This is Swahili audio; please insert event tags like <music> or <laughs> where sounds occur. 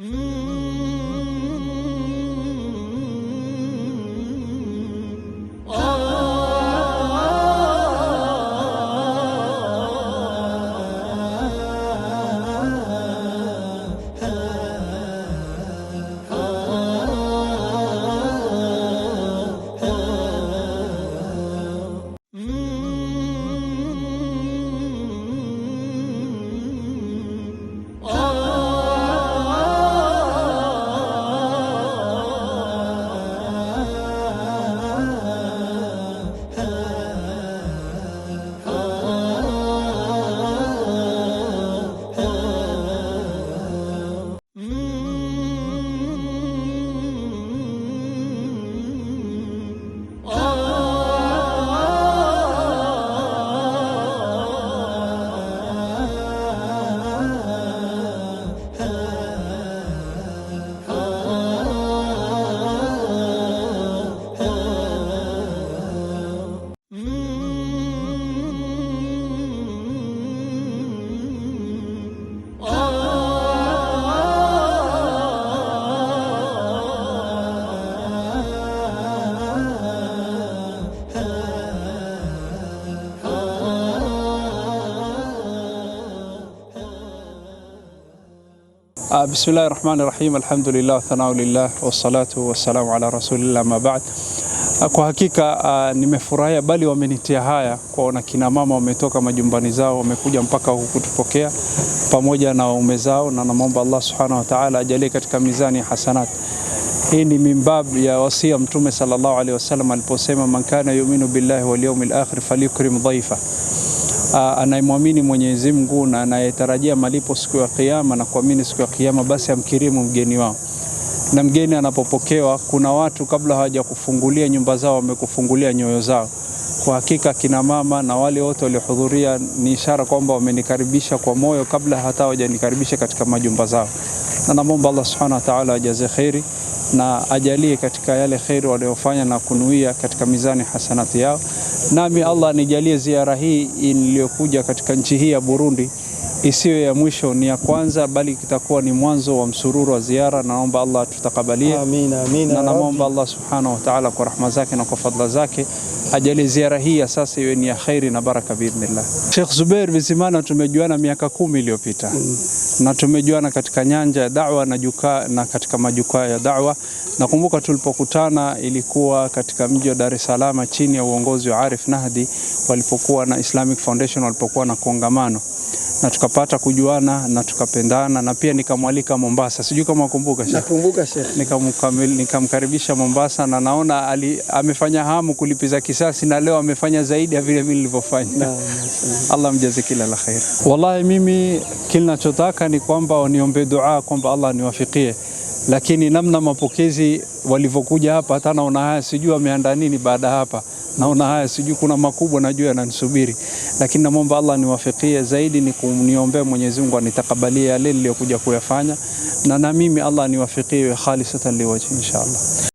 Mm-hmm. Uh, Bismillahi rahmani rahim, alhamdulillah, thanau lillah wassalatu wassalamu ala rasulillah, ma baad. Uh, kwa hakika uh, nimefurahia bali wamenitia haya kuwaona kina mama wametoka majumbani zao wamekuja mpaka huku kutupokea pamoja na waume zao, na namwomba Allah subhanahu wa ta'ala ajalie katika mizani ya hasanat. Hii ni mimbab ya wasia Mtume sallallahu alaihi wasallam aliposema, man kana yuminu billahi wal yawmil akhir falyukrim dhaifa Ah, anayemwamini Mwenyezi Mungu na anayetarajia malipo siku ya Kiyama na kuamini siku ya Kiyama, basi amkirimu mgeni wao. Na mgeni anapopokewa, kuna watu kabla hawajakufungulia nyumba zao wamekufungulia nyoyo zao. Kwa hakika kina mama na wale wote waliohudhuria ni ishara kwamba wamenikaribisha kwa moyo kabla hata hawajanikaribisha katika majumba zao, na namwomba Allah subhanahu wa ta'ala ajaze khairi na ajalie katika yale khairi wanayofanya na kunuia katika mizani hasanati yao. Nami Allah nijalie ziara hii iliyokuja katika nchi hii ya Burundi isiyo ya mwisho, ni ya kwanza, bali kitakuwa ni mwanzo wa msururu wa ziara. Naomba Allah tutakabalie, amina, amina, na namwomba Allah subhanahu wa ta'ala kwa rahma zake na kwa fadla zake ajalie ziara hii ya sasa iwe ni ya khairi na baraka biidhnillah. Sheikh Zubair Bizimana tumejuana miaka kumi iliyopita mm na tumejuana katika nyanja ya da'wa na jukwaa na katika majukwaa ya da'wa. Nakumbuka tulipokutana ilikuwa katika mji wa Dar es Salaam chini ya uongozi wa Arif Nahdi walipokuwa na Islamic Foundation walipokuwa na kongamano na tukapata kujuana na tukapendana, na pia nikamwalika Mombasa. Sijui kama ukumbuka Sheikh. Nakumbuka Sheikh. Nikamkaribisha Mombasa na naona ali, amefanya hamu kulipiza kisasi na leo amefanya zaidi ya vile mimi nilivyofanya. <laughs> Allah mjaze kila la khair. Wallahi mimi kile ninachotaka ni kwamba niombe dua kwamba Allah niwafikie lakini namna mapokezi walivyokuja hapa, hata naona haya, sijui wameandaa nini baada hapa naona haya, sijui kuna makubwa najua yananisubiri, lakini namwomba Allah niwafikie zaidi, ni kuniombea Mwenyezi Mungu anitakabalie yale niliyokuja kuyafanya, na na mimi Allah niwafikie khalisatan liwaji inshallah.